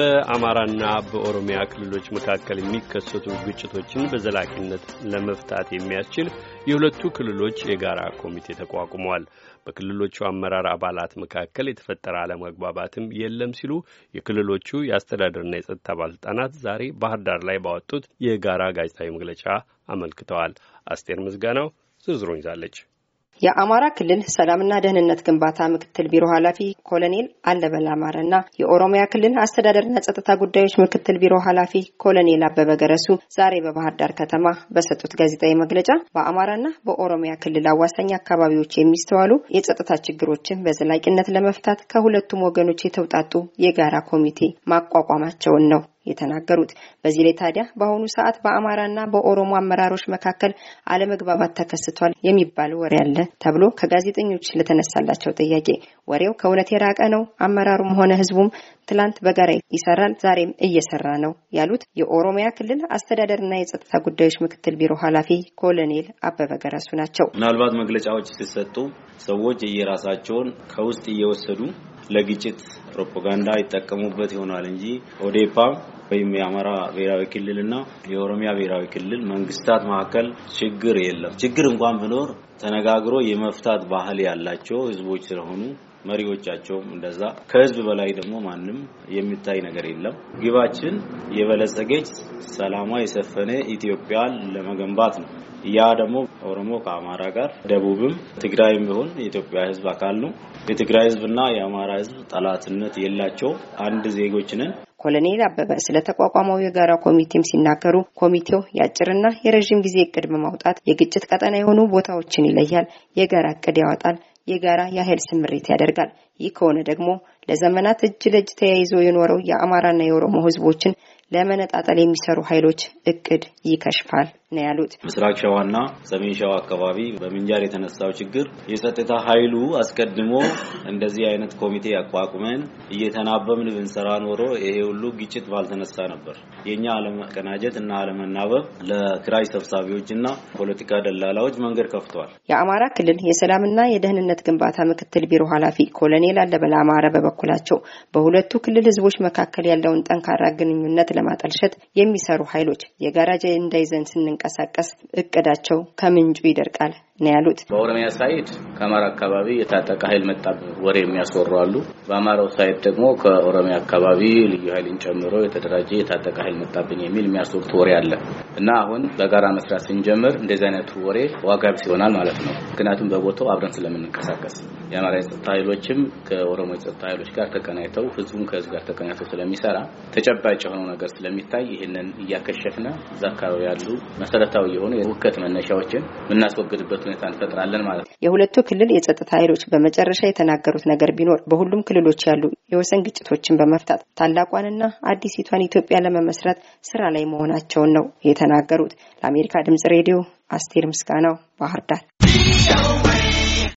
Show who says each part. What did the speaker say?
Speaker 1: በአማራና በኦሮሚያ ክልሎች መካከል የሚከሰቱ ግጭቶችን በዘላቂነት ለመፍታት የሚያስችል የሁለቱ ክልሎች የጋራ ኮሚቴ ተቋቁሟል። በክልሎቹ አመራር አባላት መካከል የተፈጠረ አለመግባባትም የለም ሲሉ የክልሎቹ የአስተዳደርና የጸጥታ ባለስልጣናት ዛሬ ባህር ዳር ላይ ባወጡት የጋራ ጋዜጣዊ መግለጫ አመልክተዋል። አስቴር ምስጋናው ዝርዝሩን ይዛለች።
Speaker 2: የአማራ ክልል ሰላምና ደህንነት ግንባታ ምክትል ቢሮ ኃላፊ ኮሎኔል አለበል አማረ እና የኦሮሚያ ክልል አስተዳደርና ጸጥታ ጉዳዮች ምክትል ቢሮ ኃላፊ ኮሎኔል አበበ ገረሱ ዛሬ በባህር ዳር ከተማ በሰጡት ጋዜጣዊ መግለጫ በአማራና በኦሮሚያ ክልል አዋሳኝ አካባቢዎች የሚስተዋሉ የጸጥታ ችግሮችን በዘላቂነት ለመፍታት ከሁለቱም ወገኖች የተውጣጡ የጋራ ኮሚቴ ማቋቋማቸውን ነው የተናገሩት። በዚህ ላይ ታዲያ በአሁኑ ሰዓት በአማራና በኦሮሞ አመራሮች መካከል አለመግባባት ተከስቷል የሚባል ወሬ አለ ተብሎ ከጋዜጠኞች ለተነሳላቸው ጥያቄ ወሬው ከእውነት የራቀ ነው፣ አመራሩም ሆነ ህዝቡም ትላንት በጋራ ይሰራል፣ ዛሬም እየሰራ ነው ያሉት የኦሮሚያ ክልል አስተዳደርና የጸጥታ ጉዳዮች ምክትል ቢሮ ኃላፊ ኮሎኔል አበበ ገረሱ ናቸው።
Speaker 3: ምናልባት መግለጫዎች ሲሰጡ ሰዎች የራሳቸውን ከውስጥ እየወሰዱ ለግጭት ፕሮፓጋንዳ ይጠቀሙበት ይሆናል እንጂ ኦዴፓ ወይም የአማራ ብሔራዊ ክልልና የኦሮሚያ ብሔራዊ ክልል መንግስታት መካከል ችግር የለም። ችግር እንኳን ቢኖር ተነጋግሮ የመፍታት ባህል ያላቸው ህዝቦች ስለሆኑ መሪዎቻቸውም እንደዛ ከህዝብ በላይ ደግሞ ማንም የሚታይ ነገር የለም። ግባችን የበለጸገች ሰላሟ የሰፈነ ኢትዮጵያን ለመገንባት ነው። ያ ደግሞ ኦሮሞ ከአማራ ጋር፣ ደቡብም ትግራይም ቢሆን የኢትዮጵያ ሕዝብ አካል ነው። የትግራይ ሕዝብና የአማራ ሕዝብ ጠላትነት የላቸው አንድ ዜጎች ነን።
Speaker 2: ኮሎኔል አበበ ስለ ተቋቋመው የጋራ ኮሚቴም ሲናገሩ ኮሚቴው የአጭርና የረዥም ጊዜ እቅድ በማውጣት የግጭት ቀጠና የሆኑ ቦታዎችን ይለያል፣ የጋራ እቅድ ያወጣል፣ የጋራ የኃይል ስምሪት ያደርጋል። ይህ ከሆነ ደግሞ ለዘመናት እጅ ለእጅ ተያይዞ የኖረው የአማራና የኦሮሞ ህዝቦችን ለመነጣጠል የሚሰሩ ኃይሎች እቅድ ይከሽፋል ነው
Speaker 3: ያሉት። ምስራቅ ሸዋና ሰሜን ሸዋ አካባቢ በምንጃር የተነሳው ችግር የጸጥታ ኃይሉ አስቀድሞ እንደዚህ አይነት ኮሚቴ አቋቁመን እየተናበብን ብንሰራ ኖሮ ይሄ ሁሉ ግጭት ባልተነሳ ነበር። የእኛ አለመቀናጀት እና አለመናበብ ለክራይ ሰብሳቢዎች እና ፖለቲካ ደላላዎች መንገድ ከፍቷል።
Speaker 2: የአማራ ክልል የሰላምና የደህንነት ግንባታ ምክትል ቢሮ ኃላፊ ኮሎኔል አለበለ አማረ በበኩላቸው በሁለቱ ክልል ህዝቦች መካከል ያለውን ጠንካራ ግንኙነት ለማጠልሸት የሚሰሩ ኃይሎች የጋራ አጀንዳ ይዘን ለመንቀሳቀስ እቅዳቸው ከምንጩ ይደርቃል ነው ያሉት።
Speaker 4: በኦሮሚያ ሳይድ ከአማራ አካባቢ የታጠቀ ኃይል መጣ ወሬ የሚያስወሩ አሉ። በአማራው ሳይድ ደግሞ ከኦሮሚያ አካባቢ ልዩ ኃይልን ጨምሮ የተደራጀ የታጠቀ ኃይል መጣብን የሚል የሚያስወሩት ወሬ አለ እና አሁን በጋራ መስራት ስንጀምር እንደዚህ አይነቱ ወሬ ዋጋ ቢስ ይሆናል ማለት ነው። ምክንያቱም በቦታው አብረን ስለምንንቀሳቀስ የአማራ የጸጥታ ኃይሎችም ከኦሮሞ የጸጥታ ኃይሎች ጋር ተቀናይተው ህዝቡም ከህዝብ ጋር ተቀናይተው ስለሚሰራ ተጨባጭ የሆነው ነገር ስለሚታይ ይህንን እያከሸፍነ እዛ አካባቢ ያሉ መሰረታዊ የሆኑ የውከት መነሻዎችን የምናስወግድበት ሁኔታ እንፈጥራለን ማለት ነው።
Speaker 2: የሁለቱ ክልል የጸጥታ ኃይሎች በመጨረሻ የተናገሩት ነገር ቢኖር በሁሉም ክልሎች ያሉ የወሰን ግጭቶችን በመፍታት ታላቋንና አዲሲቷን ኢትዮጵያ ለመመስረት ስራ ላይ መሆናቸውን ነው የተናገሩት። ለአሜሪካ ድምጽ ሬዲዮ አስቴር ምስጋናው ባህር ዳር